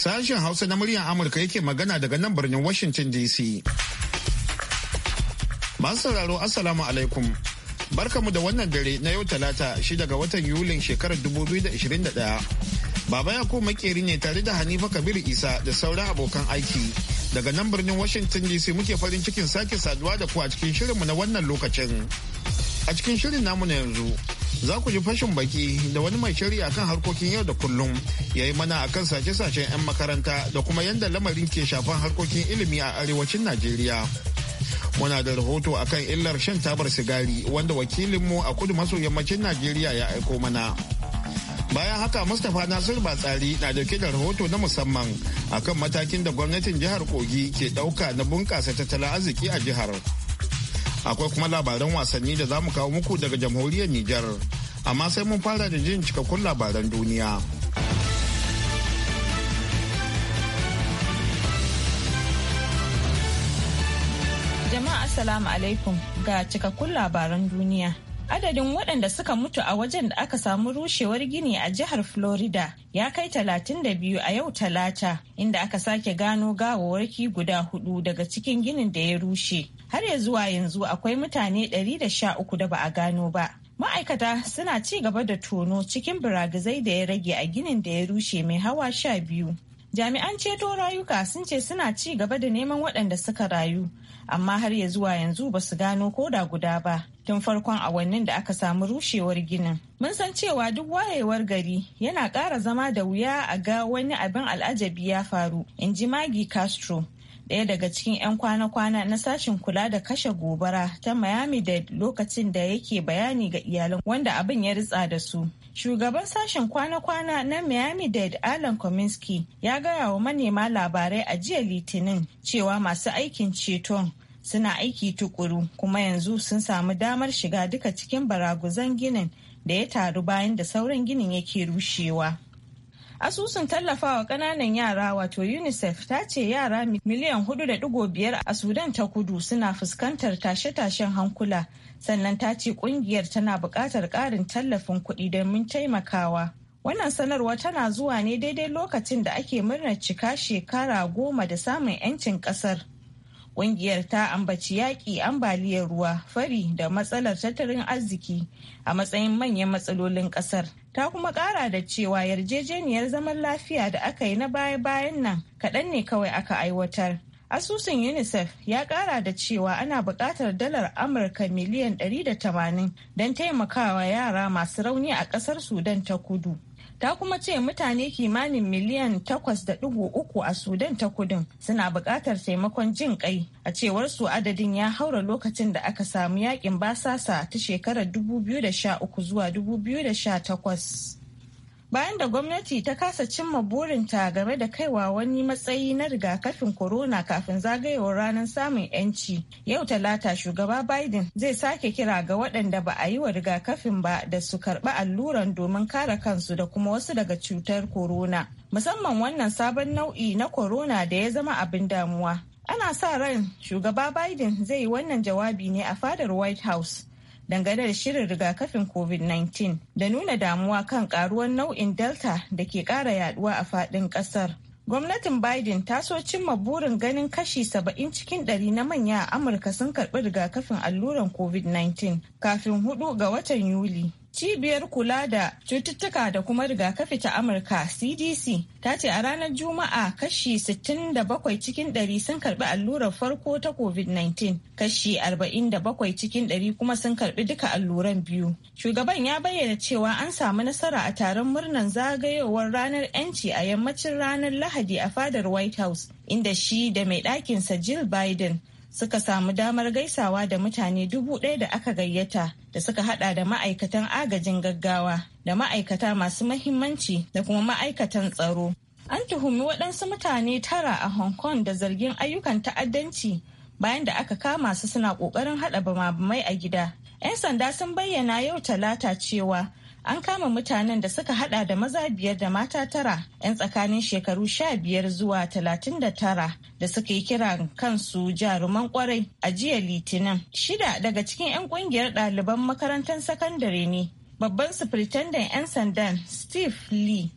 Sashen Hausa na muryar Amurka yake magana daga nan birnin Washington DC. Masu sauraro Assalamu alaikum. mu da wannan dare na yau talata shi daga watan Yulin shekarar 2021. Baba Yakubu makeri ne tare da Hanifa Kabiru Isa da sauran abokan aiki. Daga nan birnin Washington DC muke farin cikin sake saduwa da ku a cikin shirinmu na wannan lokacin. A cikin shirin namu na yanzu, za ku ji fashin baki da wani mai shari'a akan harkokin yau da kullum ya yi mana akan sace-sacen 'yan makaranta da kuma yadda lamarin ke shafan harkokin ilimi a arewacin najeriya muna da rahoto akan illar shan tabar sigari wanda wakilinmu a kudu maso yammacin najeriya ya aiko mana bayan haka mustapha nasir batsari na dauke da rahoto na musamman akan matakin da gwamnatin jihar kogi ke dauka na bunkasa tattalin arziki a jihar akwai kuma labaran wasanni da za mu kawo muku daga jamhuriyar Nijar. Amma sai mun fara da jin cikakkun labaran duniya. Jama'a Assalamu alaikum ga cikakkun labaran duniya. Adadin waɗanda suka mutu a wajen da aka samu rushewar gini a jihar Florida ya kai 32 a yau talata inda aka sake gano gawawarki guda hudu daga cikin ginin da ya rushe. har ya zuwa yanzu akwai mutane 113 da ba a gano ba. Ma'aikata suna ci gaba da tono cikin biragizai da ya rage a ginin da ya rushe mai hawa sha biyu. Jami'an ceto rayuka sun ce suna ci gaba da neman waɗanda suka rayu, amma har ya zuwa yanzu ba su gano da guda ba. Tun farkon awannin da aka samu rushewar ginin. Mun san cewa duk wayewar gari yana ƙara zama da wuya a ga wani abin al'ajabi ya faru, in ji Maggie Castro, ɗaya daga cikin 'yan kwana-kwana na sashin kula da kashe gobara ta miami da lokacin da yake bayani ga iyalan wanda abin ya ritsa da su shugaban sashen kwana-kwana na miami dade alan kominski ya gaya wa manema labarai a jiya litinin cewa masu aikin ceton suna aiki tukuru kuma yanzu sun samu damar shiga duka cikin baraguzan ginin da ya taru bayan da sauran ginin yake rushewa Asusun tallafawa kananan yara wato UNICEF ta ce yara miliyan 4.5 a Sudan ta kudu suna fuskantar tashe-tashen hankula sannan ta ce ƙungiyar tana buƙatar ƙarin tallafin kuɗi domin taimakawa. Wannan sanarwa tana zuwa ne daidai lokacin da ake murnar cika shekara goma da samun 'yancin ƙasar. Ƙungiyar ta ambaci yaƙi ambaliyar ruwa, fari da matsalar tattalin arziki a matsayin manyan matsalolin ƙasar. Ta kuma ƙara da cewa yarjejeniyar zaman lafiya da aka yi na baya-bayan nan kaɗan ne kawai aka aiwatar. Asusun UNICEF ya ƙara da cewa ana buƙatar dalar Amurka miliyan 180 don taimakawa yara masu rauni a ƙasar Sudan ta kudu. ta kuma ce mutane kimanin miliyan 8.3 a sudan ta kudin suna buƙatar taimakon jin kai a cewar su adadin ya haura lokacin da aka samu yakin basasa ta shekarar 2013 zuwa 2018 bayan da gwamnati ta kasa cimma burinta game da kaiwa wani matsayi na rigakafin corona kafin zagayowar ranar samun 'yanci yau talata shugaba biden zai sake kira ga waɗanda ba a yi wa rigakafin ba da su karɓi alluran domin kare kansu da kuma wasu daga cutar corona musamman wannan sabon nau'i na corona da ya zama abin damuwa ana sa ran shugaba biden zai yi wannan jawabi ne a fadar white house dangane da shirin rigakafin covid-19 da nuna damuwa kan karuwar nau'in delta da ke kara yaduwa a fadin kasar gwamnatin biden ta so cimma burin ganin kashi 70 cikin 100 na manya a amurka sun karbi rigakafin alluran covid-19 kafin hudu ga watan yuli Cibiyar kula da cututtuka da kuma rigakafi ta Amurka CDC ta ce a ranar Juma'a kashi 67 cikin 100 sun karbi allurar farko ta COVID-19, kashi 47 cikin 100 kuma sun karbi duka alluran biyu. Shugaban ya bayyana cewa an samu nasara a taron murnar zagayowar ranar 'yanci a yammacin ranar Lahadi a fadar White House, inda shi da mai ɗakinsa Jill Biden suka samu damar gaisawa da mutane dubu ɗaya da aka gayyata da suka hada da ma'aikatan agajin gaggawa da ma'aikata masu mahimmanci da kuma ma'aikatan tsaro. An tuhumi waɗansu mutane tara a Hong Kong da zargin ayyukan ta'addanci bayan da aka kama su suna ƙoƙarin haɗa bama-bamai a gida. 'Yan sanda sun bayyana yau talata cewa an kama mutanen da suka hada da maza biyar da mata tara 'yan tsakanin shekaru sha biyar zuwa talatin da tara da suka yi kiran kansu jaruman kwarai a jiya litinin shida daga cikin 'yan kungiyar ɗaliban makarantar sakandare ne babban sufritandan 'yan sandan steve lee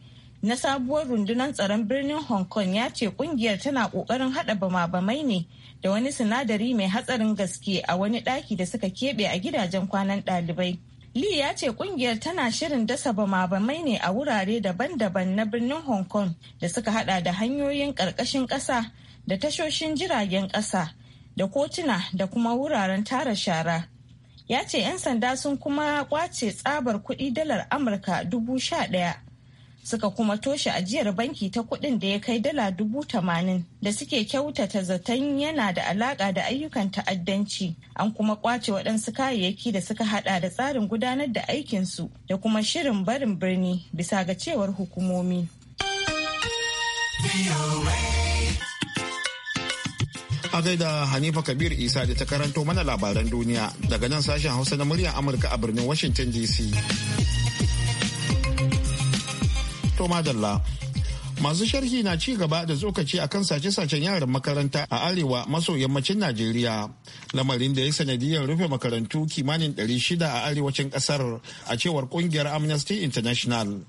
na sabuwar rundunar tsaron birnin hong kong ya ce kungiyar tana kokarin hada bama-bamai ne da wani sinadari mai hatsarin gaske a wani daki da suka keɓe a gidajen kwanan ɗalibai Lee ya ce kungiyar tana shirin dasa bama ne a wurare daban-daban na birnin Hong Kong da suka hada da hanyoyin ƙarƙashin ƙasa da tashoshin jiragen ƙasa da kotuna da kuma wuraren tara shara. Ya ce 'yan sanda sun kuma kwace tsabar kuɗi dalar Amurka dubu sha ɗaya suka kuma toshe ajiyar banki ta kudin da ya kai dala dubu tamanin da suke kyautata zaton yana da alaka da ayyukan ta'addanci an kuma kwace waɗansu kayayyaki da suka hada da tsarin gudanar da aikinsu da kuma shirin barin birni bisa ga cewar hukumomi. A gaida Hanifa Kabir Isa da ta karanto mana labaran duniya daga nan sashen Hausa na muryar Amurka a birnin Washington DC. To madalla. Masu sharhi na ci gaba da tsokaci akan sace-sacen yaran makaranta a arewa maso yammacin Najeriya. Lamarin da ya sanadiyar rufe makarantu kimanin 600 a arewacin kasar a cewar kungiyar Amnesty International.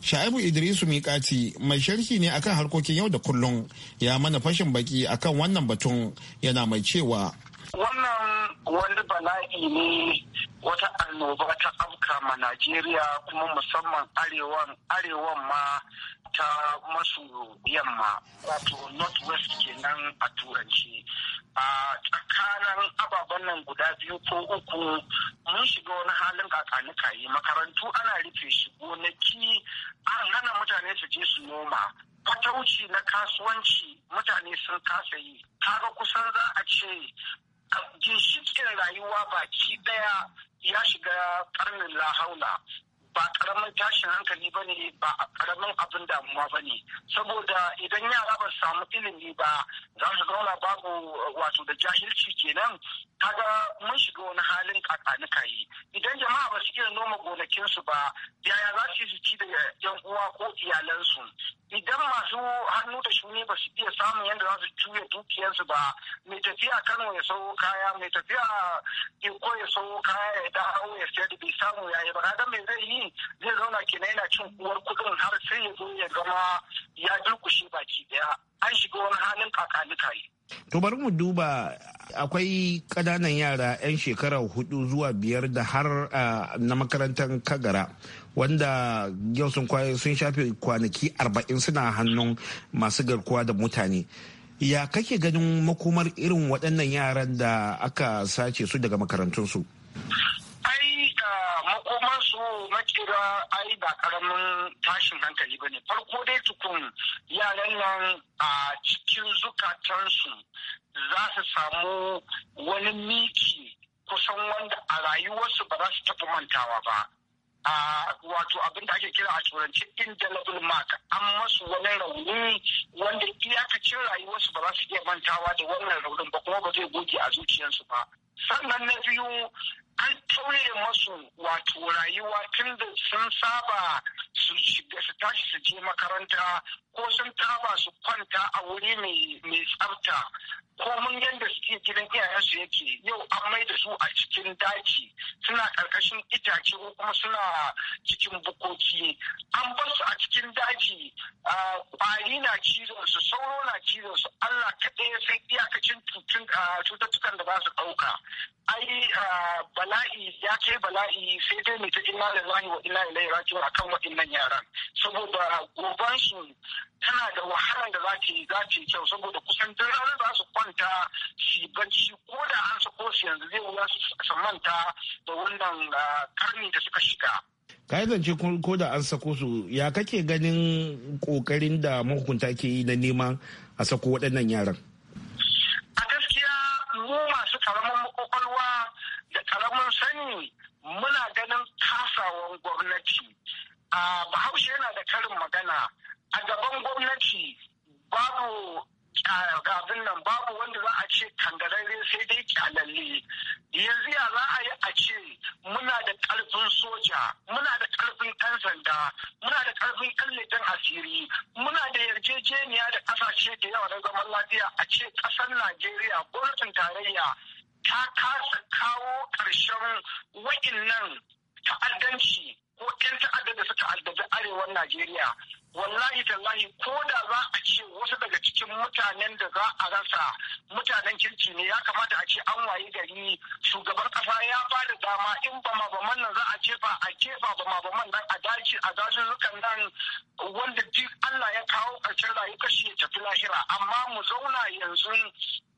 Sha'ibu Idrisu Mikati mai sharhi ne akan harkokin yau da kullum ya mana fashin baki akan wannan batun yana mai cewa. Wannan wani bala'i ne wata annoba ta dama Najeriya kuma musamman arewan arewan ma ta masu yamma wato northwest kenan a turanci a tsakanin ababen nan guda biyu ko uku mun shiga wani halin kakanika yi makarantu ana rufe shi gonaki an hana mutane su je su noma fatauci na kasuwanci mutane sun kasa yi kaga kusan za a ce ginshiƙin rayuwa baki ɗaya ya shiga ƙarnin lahauna ba karamin tashin hankali ba ne ba karamin abin damuwa ba ne saboda idan yara ba samu ilimi ba za su zauna babu wato da jahilci kenan kaga mun shiga wani halin kakanika yi idan jama'a ba su iya noma gonakinsu ba yaya za su yi ci da yan uwa ko iyalansu idan masu hannu da shuni ba su iya samun yadda za su juya dukiyarsu ba mai tafiya kano ya sau kaya mai tafiya iko ya sau kaya ya dawo ya sayar bai samu yayi ba kaga me zai yi zai zauna kenan yana cin uwar kuɗin har sai ya zo ya zama ya durkushe baki daya an shiga wani halin yi. To bari mu duba akwai ƙananan yara 'yan shekara hudu zuwa biyar da har na makarantar kagara wanda yau sun shafe kwanaki arba'in suna hannun masu garkuwa da mutane. Ya kake ganin makomar irin waɗannan yaran da aka sace su daga makarantunsu? makoman su makera ai ba karamin tashin hankali ba ne farko dai tukun yaran nan a cikin zukatansu za su samu wani miki kusan wanda a rayuwarsu ba za su tafi mantawa ba a wato abin da ake kira a turanci indelible mark an masu wani rauni wanda iyakacin rayuwarsu ba za su iya mantawa da wannan raunin ba kuma ba zai goge a zuciyarsu ba sannan na biyu sauye masu wato rayuwa tun da sun saba su su tashi su je makaranta ko sun taba su kwanta a wuri mai tsafta mun yadda suke gidan iyayensu yake yau an mai da su a cikin daji suna karkashin itace ko kuma suna cikin bukoki an bar su a cikin daji kwari na cizon su sauro na cizon su allah kaɗai ya san iyakacin cututtukan da ba su ɗauka ai bala'i ya kai bala'i sai dai mai ta inna lillahi wa inna ilaihi raji'un akan waɗannan yaran saboda goban su tana da wahalan da za ta yi za ta yi kyau saboda kusan duk ranar za su kwanta su bacci ko da an sako yanzu zai wuya su samanta da wannan ah, karni da suka shiga. ka zance ko da an sako su ya kake ganin kokarin da mahukunta ke yi na neman a sako waɗannan yaran karamin sani muna ganin kasawan gwamnati a bahaushe yana da karin magana a gaban gwamnati babu abin nan babu wanda za a ce tangararre sai dai kyalalle yanzu ya za a yi a ce muna da ƙarfin soja muna da karfin ɗan sanda muna da karfin ƙallafin asiri muna da yarjejeniya da ƙasashe da yawa na zaman lafiya a ce ƙasar najeriya gwamnatin tarayya ta kasa kawo ƙarshen wa'innan ta'addanci ko 'yan ta'adda da suka addabi arewan Najeriya. Wallahi tallahi ko da za a ce wasu daga cikin mutanen da za a rasa mutanen kirki ne ya kamata a ce an wayi gari shugaban kasa ya ba da dama in ba ma ba man nan za a jefa a jefa ba ma nan a daji a dazuzzukan nan wanda duk Allah ya kawo karshen rayu kashi ya tafi lahira amma mu zauna yanzu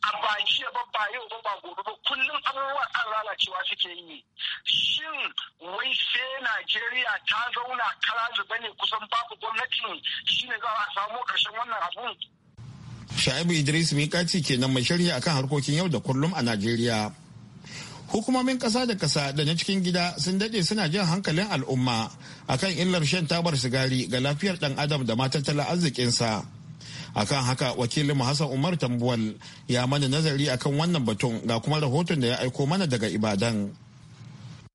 a baki jiya ba yau ba gobe ba kullum abubuwan an lalacewa suke yi shin wai sai najeriya ta zauna kala zuba ne kusan babu gwamnatin shine za a samu karshen wannan abun sha'ibu idris kaci kenan mai shirya akan harkokin yau da kullum a najeriya hukumomin kasa da kasa da na cikin gida sun dade suna jan hankalin al'umma akan illar shan tabar sigari ga lafiyar dan adam da ma arzikinsa akan haka wakilin mu hassan umar tambuwal ya mana nazari akan wannan batun ga kuma rahoton da ya aiko mana daga ibadan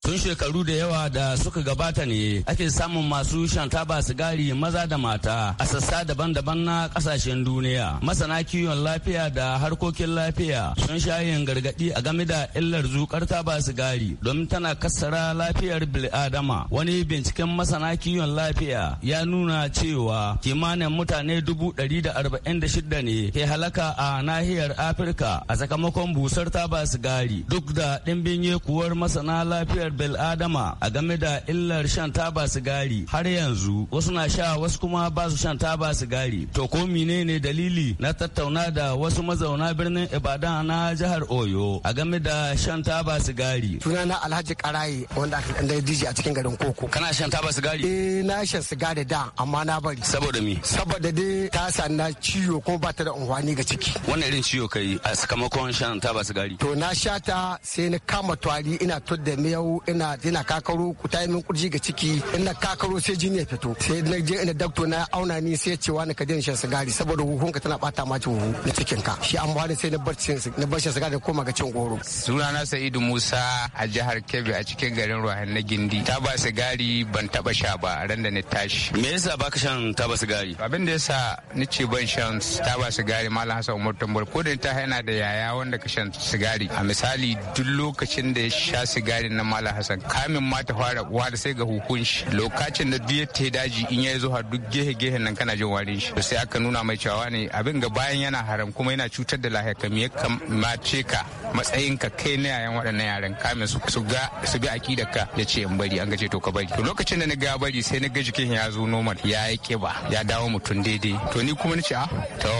Tun shekaru da yawa da suka gabata ne ake samun masu shan taba sigari maza da mata a sassa daban-daban na kasashen duniya. Masana kiwon lafiya da harkokin lafiya sun shayin gargadi a game da illar zukar taba sigari domin tana kassara lafiyar bil'adama. Wani binciken masana kiwon lafiya ya nuna cewa kimanin mutane dubu ɗari da arba'in da shida ne ke halaka a nahiyar Afirka a sakamakon busar taba sigari duk da ɗimbin yekuwar masana lafiyar bil' adama a game da illar shan taba sigari har yanzu wasu na sha wasu kuma ba su shan taba sigari to ko menene dalili na tattauna da wasu mazauna birnin Ibadan na jihar Oyo a game da shan taba sigari sunana Alhaji Karaye wanda aka dan DJ a cikin garin Koko kana shan taba sigari eh na shan sigari da amma na bari saboda me saboda dai ta sanna ciwo kuma ba ta da unwani ga ciki wannan irin ciwo kai a sakamakon shan taba sigari to na sha ta sai na kama twari ina tudda miyau ina ina kakaro ku ta min kurji ga ciki ina kakaro sai jini ya fito sai na je ina dakto na auna ni sai cewa na ka daina shan sigari saboda huhun ka tana bata ma huhu na cikin ka shi an bani sai na bar cin na bar shan sigari koma ga cin goro sunana Sa'idu Musa a jihar Kebbi a cikin garin Ruwan na Gindi taba sigari ban taba sha ba ran da ni tashi me yasa baka shan taba sigari abin da yasa ni ce ban shan taba sigari malam Hassan Umar tambar ko da ta yana da yaya wanda ka shan sigari a misali duk lokacin da ya sha sigari na malam mala hassan kamin ma ta fara uwa da sai ga hukunci lokacin da duk ta daji in ya zo har duk gehe gehen nan kana jin warin shi sai aka nuna mai cewa ne abin ga bayan yana haram kuma yana cutar da lahiyar ka me kamace ka matsayin ka kai na yayan waɗannan yaran kamin su su ga su bi akidar ka ya ce in bari an gace to ka bari to lokacin da na ga bari sai na ga jikin ya zo normal ya yi kiba ya dawo mutum daidai to ni kuma ni ce ah to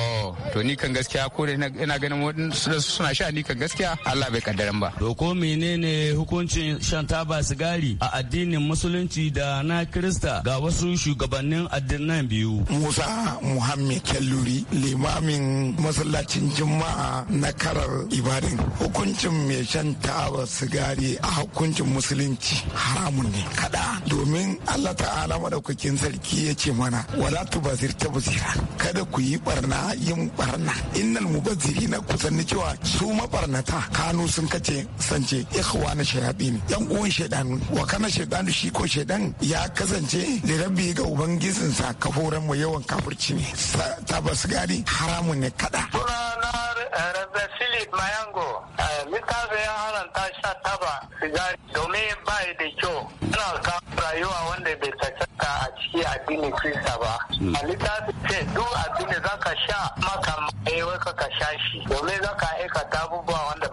to ni kan gaskiya ko da ina ganin suna sha ni kan gaskiya Allah bai kaddaran ba to ko menene hukuncin shan taba sigari a addinin musulunci da na kirista ga wasu shugabannin addinan biyu. Musa Muhammad Kelluri limamin masallacin Juma'a na karar ibadin hukuncin mai shan taba sigari a hukuncin musulunci haramun ne kada domin Allah ta'ala madaukakin sarki ya ce mana wala tubazir ta basira kada ku yi barna yin barna innal mubazziri na kusanni cewa su mabarnata kanu sun kace sance ikhwana na shayabi ne yan dan uwan shedan wa kana shedan shi ko shedan ya kasance da rabbi ga ubangijin sa kaforan mu yawan kafirci ne tabbas gari haramun ne kada eh, Rabbi Philip Mayango, littafin eh, ya haranta sha taba sigari domin ba da kyau. Ana kawo rayuwa wanda bai cancanta a ciki addinin Kirista ba. A littafin ce duk abin za ka sha maka mai eh, wai ka sha shi domin za ka aikata abubuwa wanda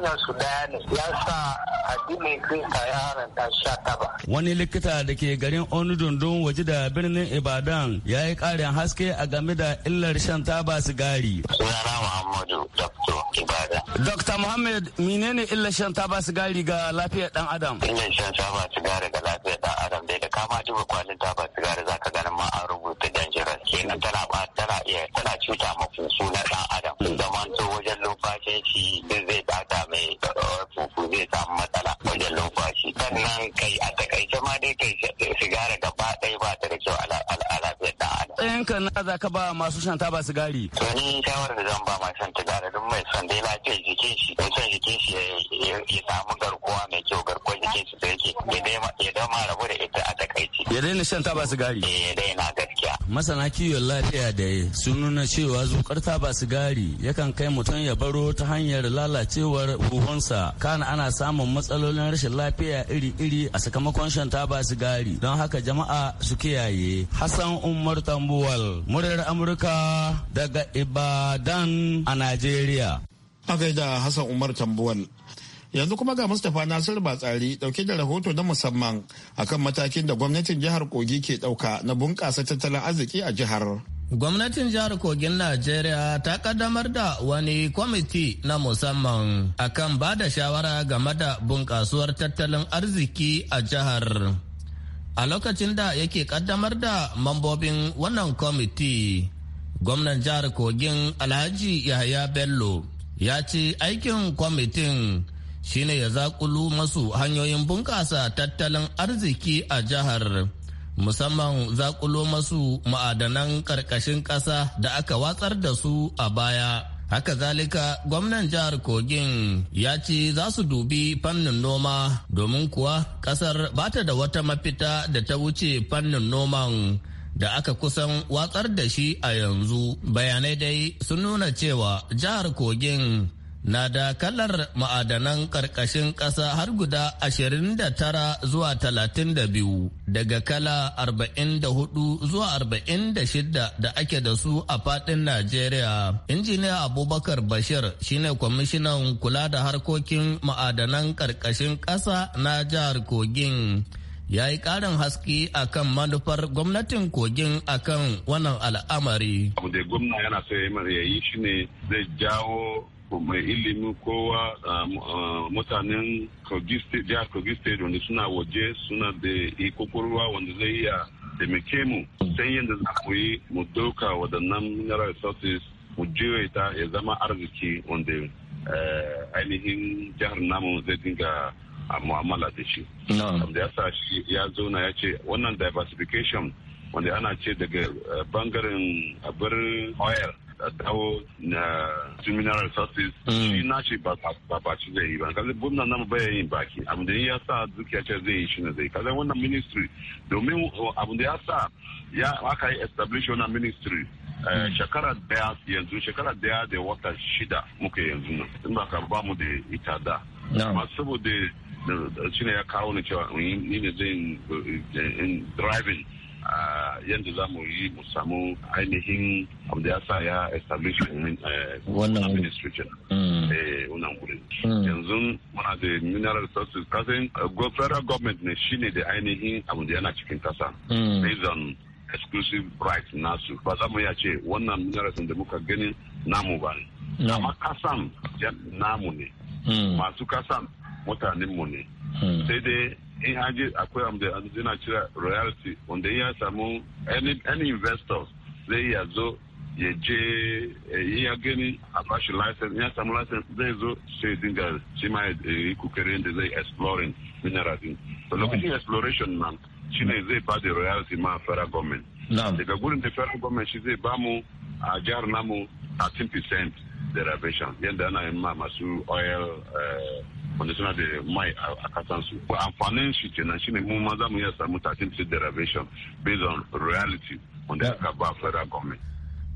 hanyar su daya ne ya sa addinin Kirista ya haranta sha taba. Wani likita da ke garin Onudundun waje da birnin Ibadan ya yi ƙarin haske a game da illar shan taba sigari. Sunana Muhammadu Dr. Ibadan. Dr. Muhammad menene illar shan taba sigari ga lafiyar dan Adam? Illar shan taba sigari ga lafiyar dan Adam dai da kama duba kwalin taba sigari zaka ganin ma an rubuta dangerous kenan tana tana iya tana cuta mafi suna dan Adam. Zaman to wajen lumfashin shi zai mai fufu zai samu matsala wajen numfashi sannan kai a takaice ma dai kai sigara gaba ɗaya ba ta da kyau a lafiyar da matsayinka na za ka ba masu shan taba sigari. To ni shawarar da zan ba ma shan sigari duk mai son dai lafiyar jikin shi, mai son jikin shi ya samu garkuwa mai kyau garkuwar jikin shi ya dama rabu da ita a takaici. Ya daina shan taba sigari? Eh ya daina gaskiya. Masana kiwon lafiya da sun nuna cewa zukar taba sigari yakan kai mutum ya baro ta hanyar lalacewar huhunsa. Kana ana samun matsalolin rashin lafiya iri-iri a sakamakon shan taba sigari. Don haka jama'a su kiyaye. Hassan Umar Tambuwal, muryar Amurka daga Ibadan a Najeriya. A gaida Hassan Umar Tambuwal. yanzu kuma ga mustapha nasir batsari dauke da rahoto na musamman akan matakin da gwamnatin jihar kogi ke dauka na bunƙasa tattalin arziki a jihar Gwamnatin jihar Kogin Najeriya ta kaddamar da wani kwamiti na musamman akan ba da shawara game da bunƙasuwar tattalin arziki a jihar. A lokacin da yake kaddamar da mambobin wannan kwamiti, gwamnan jihar Kogin Alhaji Yahaya Bello ya ce aikin kwamitin shine ya zakulu masu hanyoyin bunƙasa tattalin arziki a jihar musamman zakulo masu ma'adanan ƙarƙashin ƙasa da aka watsar da su a baya haka zalika gwamnan jihar kogin ya ce za su dubi fannin noma domin kuwa ƙasar ba ta da wata mafita da ta wuce fannin noman da aka kusan watsar da shi a yanzu bayanai dai sun nuna cewa jihar kogin na da kalar ma'adanan ƙarƙashin ƙasa har guda 29 zuwa 32 daga kala 44 zuwa 46 da ake da su a faɗin Najeriya. Injiniya Abubakar Bashir shine kwamishinan kula da harkokin ma'adanan ƙarƙashin ƙasa na jihar Kogin. ya yi ƙarin haske kan manufar gwamnatin kogin a kan wannan al'amari. abu da gwamna yana so ya yi shi ne zai jawo mai ilimi kowa mutanen jihar kogi state wanda suna waje suna da ikokorwa wanda zai iya taimake mu san yadda za mu yi mu doka waɗannan mineral resources mu jiwe ta ya zama arziki wanda e, ainihin jihar namu zai dinga mu'amala da shi. Da ya sa shi ya zauna ya ce wannan diversification wanda ana ce daga e, bangaren abin oil dawo na mineral resources mm. shi na ce ba baci zai yi ba kaza gwamnan nan baya yin baki abin da ya sa dukiya ce zai yi shi ne zai kaza wannan ministry domin uh, abin da ya sa ya aka yi establish wannan ministry uh, mm. shekara daya yanzu shekara daya da wata shida muke yanzu nan in ba ka ba mu da ita da saboda uh, shi ne ya kawo ni cewa ni ne zai driving yadda za mu yi mu samu ainihin abu da ya sa ya establish wannan eh, administration hmm. eh, wannan wurin hmm. yanzu muna da mineral resources kasin eh, federal government ne shine da ainihin abu da yana cikin kasa hmm. based on exclusive rights nasu ba za mu ya ce wannan mineral da muka gani namu ba ne amma kasan namu ne masu kasan mutanenmu ne sai dai in haji akwai wanda yana cira royalty wanda ya samu any any investors zai iya zo ya je eh, ya gani a bashi license ya samu license zai zo sai dinga shi ma eh, yi kokarin da zai exploring mineral din to lokacin exploration nan shi ne zai ba da royalty ma federal government daga gurin da federal government shi zai ba mu a jihar namu 13 percent derivation yadda ana yin ma masu oil eh, wanda suna da mai a kasansu amfanin shi kenan shine mu ma za mu iya samu 13% derivation based on reality wanda aka ba federal government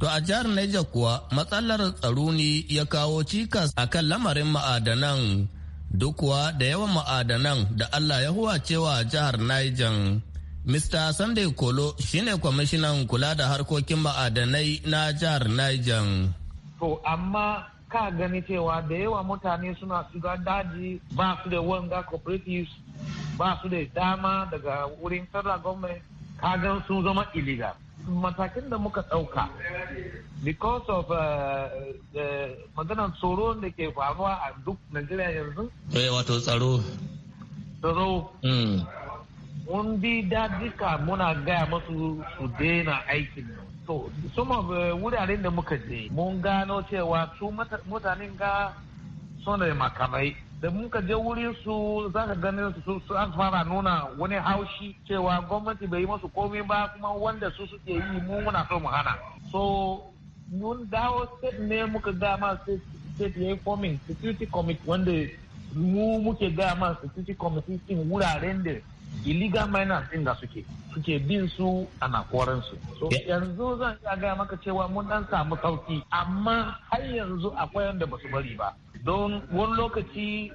To a jihar Niger kuwa matsalar tsaro ne ya kawo cikas a kan lamarin ma'adanan duk da yawan ma'adanan da Allah ya huwa cewa jihar Niger. Mr. Sunday Kolo shine kwamishinan kula da harkokin ma'adanai na jihar Niger. To amma ka gani cewa da yawa mutane suna shiga daji ba su da wanga cooperatives ba su da dama daga wurin federal government gan sun zama illegal. Matakin da muka ɗauka because of uh, uh, maganar tsoro da ke faruwa a duk Najeriya yanzu. Eh, wato tsaro. Tsaro. Mm. Mun bi dajika muna gaya masu su daina aikin to some of eh, wuraren da muka je mun gano cewa su mutanen ga suna da makamai da muka je wurin su za ka ganin su su an fara nuna wani haushi cewa gwamnati bai yi masu komai ba kuma wanda su suke yi mu muna so mu hana so mun dawo state ne muka ga ma state ya yi forming security committee wanda mu muke ga ma security committee wuraren da illegal miners din da suke suke bin su ana koran su so yanzu zan iya gaya maka cewa mun dan samu sauki amma har yanzu akwai wanda basu bari ba don wani lokaci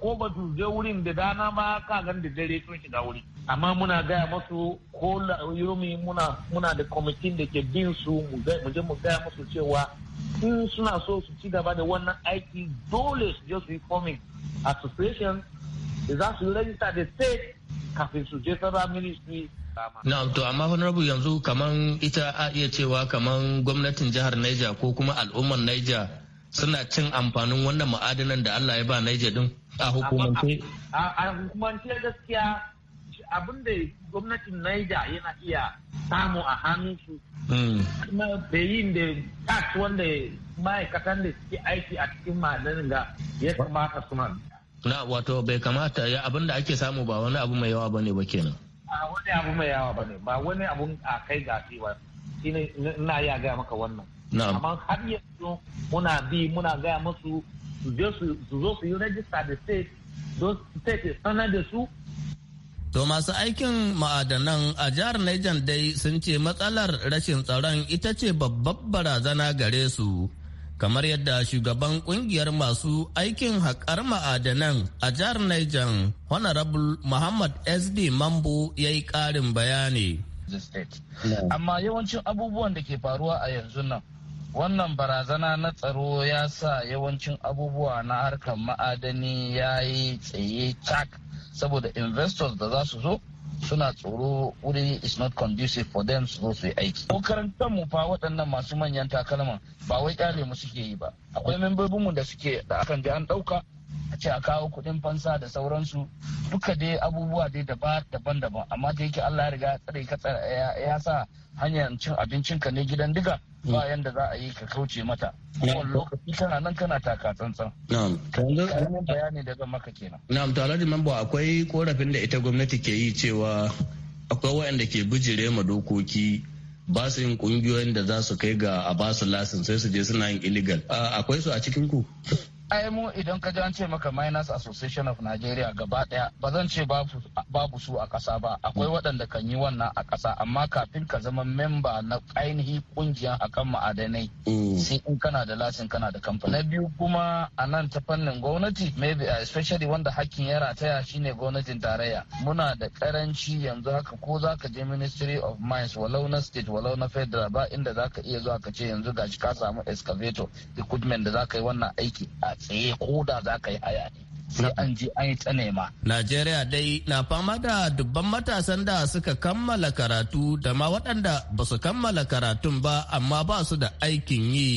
ko ba su je wurin da dana ma ka gan da dare sun shiga wuri amma muna gaya masu ko yomi muna muna da kwamitin da ke bin su mu je mu gaya masu cewa in suna so su ci gaba da wannan aiki dole su je su yi forming association za su rajista da state kafin su je federal ministry na to amma honorable yanzu kaman ita a iya cewa kaman gwamnatin jihar Niger ko kuma al'ummar Niger suna cin amfanin wannan ma'adanan da Allah ya ba Niger din a hukumance. A hukumance gaskiya abin da gwamnatin Niger yana iya samu a hannunsu. Hmm. Kuma bayin da tax wanda ma'aikatan da suke aiki a cikin ma'adanin ga ya kamata suna na wato bai kamata ya abin da ake samu ba wani abu mai yawa bane ba kenan a wani abu mai yawa bane ba wani abu a kai ga ba shi shine ina ya gaya maka wannan amma har yanzu muna bi muna gaya musu su zo su yi rajista da state don state sanar da su To masu aikin ma'adanan a jihar Niger dai sun ce matsalar rashin tsaron ita ce babbar barazana gare su kamar yadda shugaban kungiyar masu aikin haƙar ma'adanan a jihar Niger Honorable Muhammad SD Mambo ya yi ƙarin bayani. Amma yawancin abubuwan da ke faruwa a yanzu nan, wannan barazana na tsaro ya sa yawancin abubuwa na harkar ma'adani ya yi tsaye tak saboda investors da za su zo suna tsoro wuri is not conducive for them su zo su yi aiki makarantar mu fa waɗannan masu manyan takalman ba wai ƙyale mu suke yi ba akwai membobinmu da suke da akan je an ɗauka ce a kawo kuɗin fansa da sauransu duka dai abubuwa dai daban-daban amma da yake Allah ya riga tsare ka ya sa hanyar cin abincin ka ne gidan diga ba mm. yanda za a yi ka kauce mata kowane lokaci kana nan kana taka tsantsan kanin bayani da zan maka kenan na'am to alhaji mambo akwai korafin da ita gwamnati ke yi cewa akwai waɗanda ke bijire ma dokoki ba su yin kungiyoyin da za su kai ga a ba su lasin sai su je suna yin illegal akwai su a cikin ku ai mu idan ka an ce maka miners association of nigeria gaba daya ba zan ce babu su a ƙasa ba akwai waɗanda kan yi wannan a ƙasa amma kafin ka zama memba na ainihi kungiyar akan ma'adanai mm. sai in kana da lasin kana da kamfani na biyu kuma a nan ta fannin gwamnati maybe uh, especially wanda hakkin ya rataya shine gwamnatin tarayya muna da karanci yanzu haka ko za ka je ministry of mines walau na state walau na federal ba inda za ka iya zuwa ka ce yanzu gashi ka samu excavator equipment da za ka yi wannan aiki tsaye ko da za ka yi haya ne sai an je an yi ta nema. Najeriya dai na fama da dubban matasan da suka kammala karatu da ma waɗanda ba su kammala karatun ba amma ba su da aikin yi.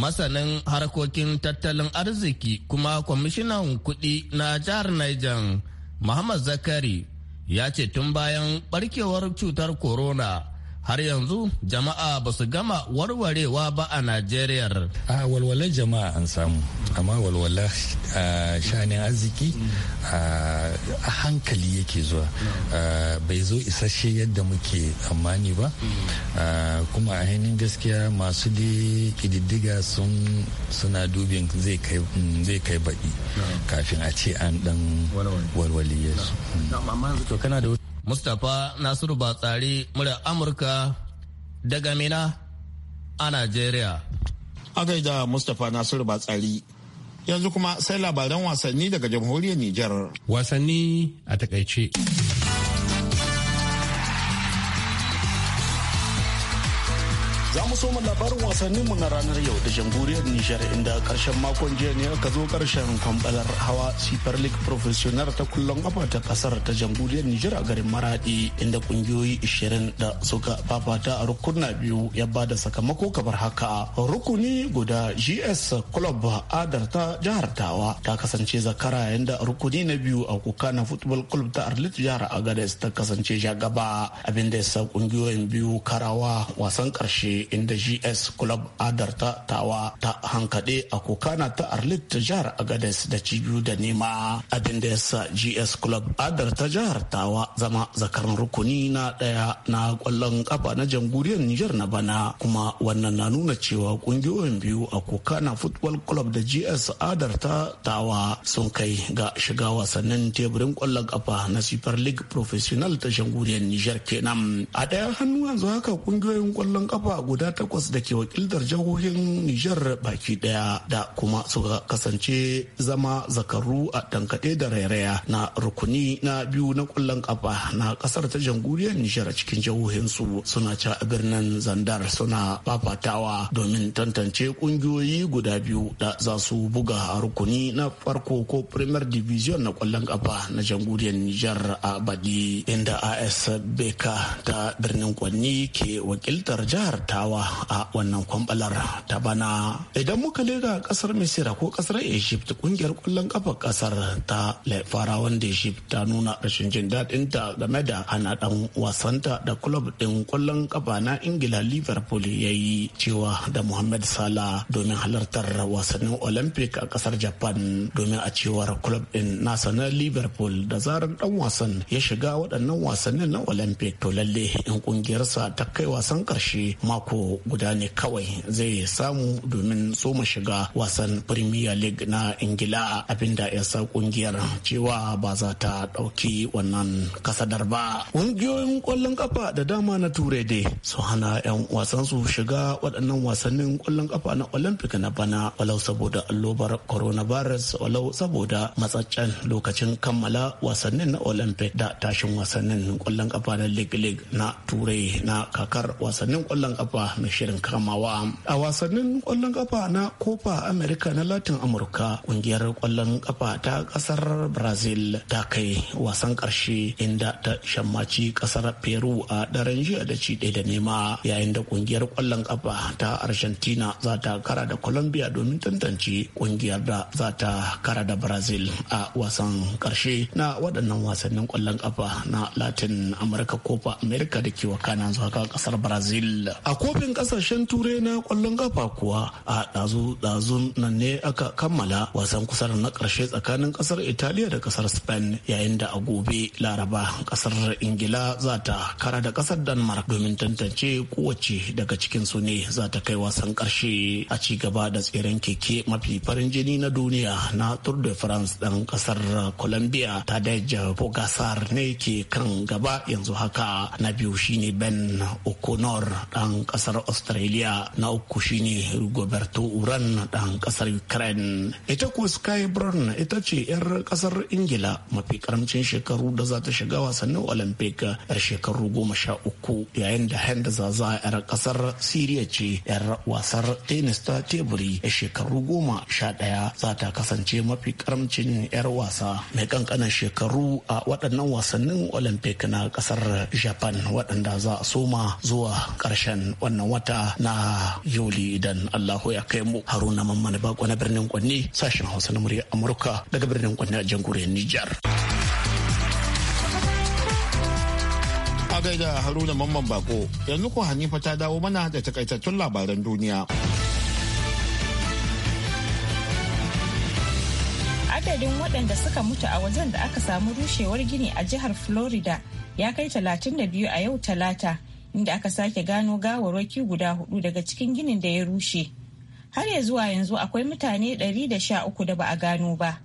Masanin harkokin tattalin arziki kuma kwamishinan kuɗi na jihar Niger Muhammad Zakari ya ce tun bayan barkewar cutar corona har yanzu jama'a ba su gama warwarewa ba a Najeriya. A walwalar jama'a an samu, amma walwala shanin arziki a hankali yake zuwa. Bai zo isasshe yadda muke tsammani ba. Kuma a hannun gaskiya masu da kididdiga sun suna dubin zai kai baɗi kafin a ce an ɗan walwaliyarsu. Amma Mustapha Nasiru Batsari murya Amurka daga Mina a Najeriya. A gaida Mustapha Nasiru Batsari. Yanzu kuma sai labaran wasanni daga jamhuriyar Nijar. Wasanni a takaice. Za mu soma labarin mu na ranar yau da jamhuriyar Nijar inda karshen makon jiya ne aka zo karshen kwambalar hawa Super League Professional ta kullon kafa ta kasar ta jamhuriyar Nijar a garin Maradi inda kungiyoyi 20 da suka fafata a rukunna biyu ya ba da sakamako kamar haka. Rukuni guda GS Club Adar ta jihar Tawa ta kasance zakara yanda rukuni na biyu a kuka na Football Club ta Arlit jihar Agades ta kasance shagaba abinda ya sa kungiyoyin biyu karawa wasan karshe inda GS Club Adar ta tawa ta hankaɗe a kokana ta Arlit ta jihar agadez da cibiyu da nema abin da yasa GS Club Adarta jihar Tawa zama zakaran rukuni na ɗaya na kwallon kafa na jamhuriyar Nijar na bana kuma wannan na nuna cewa kungiyoyin biyu a kokana Football Club da GS Adar Tawa sun kai ga shiga wasannin teburin kwallon kafa na Super League Professional ta jamhuriyar Nijar kenan a daya hannu yanzu haka kungiyoyin kwallon kafa. guda takwas da ke wakiltar jihohin Nijar baki daya da kuma suka kasance zama zakaru a tankaɗe da rairaya na rukuni na biyu na ƙwallon kafa na kasar ta jamhuriyar Nijar cikin su suna ci a birnin Zandar suna fafatawa domin tantance ƙungiyoyi guda biyu da za su buga rukuni na farko ko Premier Division na ƙwallon kafa na jamhuriyar Nijar a Badi inda AS Beka ta birnin Kwanni ke wakiltar jihar ta Awa a wannan kwambalar ta bana idan muka lera kasar misira ko kasar egypt kungiyar kwallon kafa kasar ta laifarawan egypt ta nuna rashin jin daɗin ta game da ana dan wasanta da club din kwallon kafa na ingila liverpool ya yi cewa da muhammad Salah domin halartar wasannin olympic a kasar japan domin a cewar club din nasa na liverpool da zarar dan wasan ya shiga waɗannan wasannin na olympic to lalle in kungiyarsa ta kai wasan ƙarshe mako mako guda ne kawai zai samu domin soma shiga wasan premier league na ingila abinda ya sa kungiyar cewa ba za ta ɗauki wannan kasadar ba ƙungiyoyin ƙwallon kafa da dama na turai dai su hana 'yan wasan su shiga waɗannan wasannin ƙwallon kafa na olympic na bana walau saboda allobar coronavirus walau saboda matsaccen lokacin kammala wasannin na olympic da tashin wasannin ƙwallon kafa na league league na turai na kakar wasannin ƙwallon kafa kafa na shirin kamawa a wasannin kwallon kafa na kofa Amerika na latin amurka kungiyar kwallon kafa ta kasar brazil ta kai wasan karshe inda ta shammaci kasar peru a daren jiya da ci da nema yayin da kungiyar kwallon kafa ta argentina za ta kara da colombia domin tantance kungiyar da za ta kara da brazil a wasan karshe na waɗannan wasannin kwallon kafa na latin amurka kofa Amerika da ke wakana zuwa kasar brazil kofin kasashen ture na kwallon kafa kuwa a dazu-dazun nan ne aka kammala wasan kusar na karshe tsakanin kasar italiya da kasar spain yayin da a gobe laraba kasar ingila za ta kara da kasar danmark domin tantance kowace daga cikin su ne za ta kai wasan karshe a ci gaba da tseren keke mafi farin jini na duniya na tour de france dan kasar colombia daji bogasar ne ke kan gaba yanzu haka na biyu shine ben o'connor dan kasar australia na uku shine roberto uran dan kasar ukraine ita ko sky brown ita ce 'yar kasar ingila mafi karamcin shekaru da za ta shiga wasannin olympic 'yar shekaru goma sha uku yayin da henda zaza 'yar kasar syria ce 'yar wasar tennis ta teburi 'yar shekaru goma sha daya za ta kasance mafi karamcin 'yar wasa mai kankanan shekaru a waɗannan wasannin olympic na kasar japan waɗanda za a soma zuwa ƙarshen wannan wata na Yuli idan Allahu ya kai mu Haruna Mamman Bako na birnin Kwanni sashen Hausa na murya Amurka daga birnin Kwanni a jamhuriyar Nijar. agaida Haruna Mamman Bako yanzu ko Hanifa ta dawo mana da takaitattun labaran duniya. adadin waɗanda suka mutu a wajen da aka samu rushewar gini a jihar florida ya kai 32 a yau talata inda aka sake gano gawarwaki guda hudu daga cikin ginin da ya rushe har ya zuwa yanzu akwai mutane 113 da ba a gano ba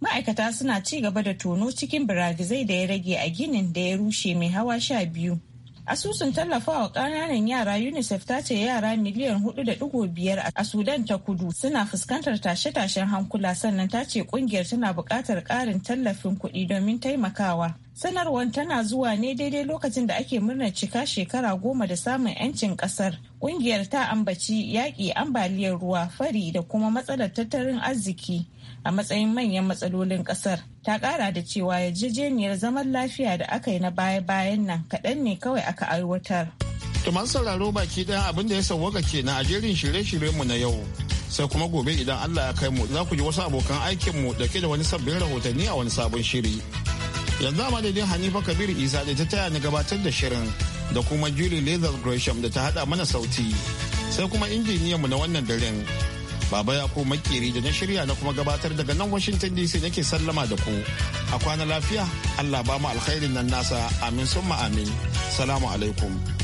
ma'aikata suna ci gaba da tono cikin biragizai da ya rage a ginin da ya rushe mai hawa sha biyu Asusun tallafawa ƙananan yara UNICEF ta ce yara miliyan 4.5 a Sudan ta kudu suna fuskantar tashe-tashen hankula sannan ta ce kungiyar tana buƙatar ƙarin tallafin kuɗi domin taimakawa. Sanarwar tana zuwa ne daidai lokacin da ake murnar cika shekara goma da samun 'yancin ƙasar. ƙungiyar ta ambaci yaƙi ambaliyar ruwa, fari da kuma matsalar tattalin arziki. a matsayin manyan matsalolin kasar ta kara da cewa yarjejeniyar zaman lafiya da aka yi na baya-bayan nan kaɗan ne kawai aka aiwatar. Tuman sauraro baki ɗaya abin da ya sauwaka ke na ajerin shirye-shiryenmu na yau. Sai kuma gobe idan Allah ya kai mu za ku ji wasu abokan aikinmu da ke da wani sabbin rahotanni a wani sabon shiri. Yanzu a madadin Hanifa kabiru Isa da ta taya ni gabatar da shirin da kuma Julie Lazar Gresham da ta haɗa mana sauti. Sai kuma mu na wannan daren. Baba ya ko Makeri da na shirya na kuma gabatar daga nan Washington DC nake sallama da ku. A kwana lafiya, Allah ba mu alkhairin nan nasa, amin summa amin. Salamu alaikum.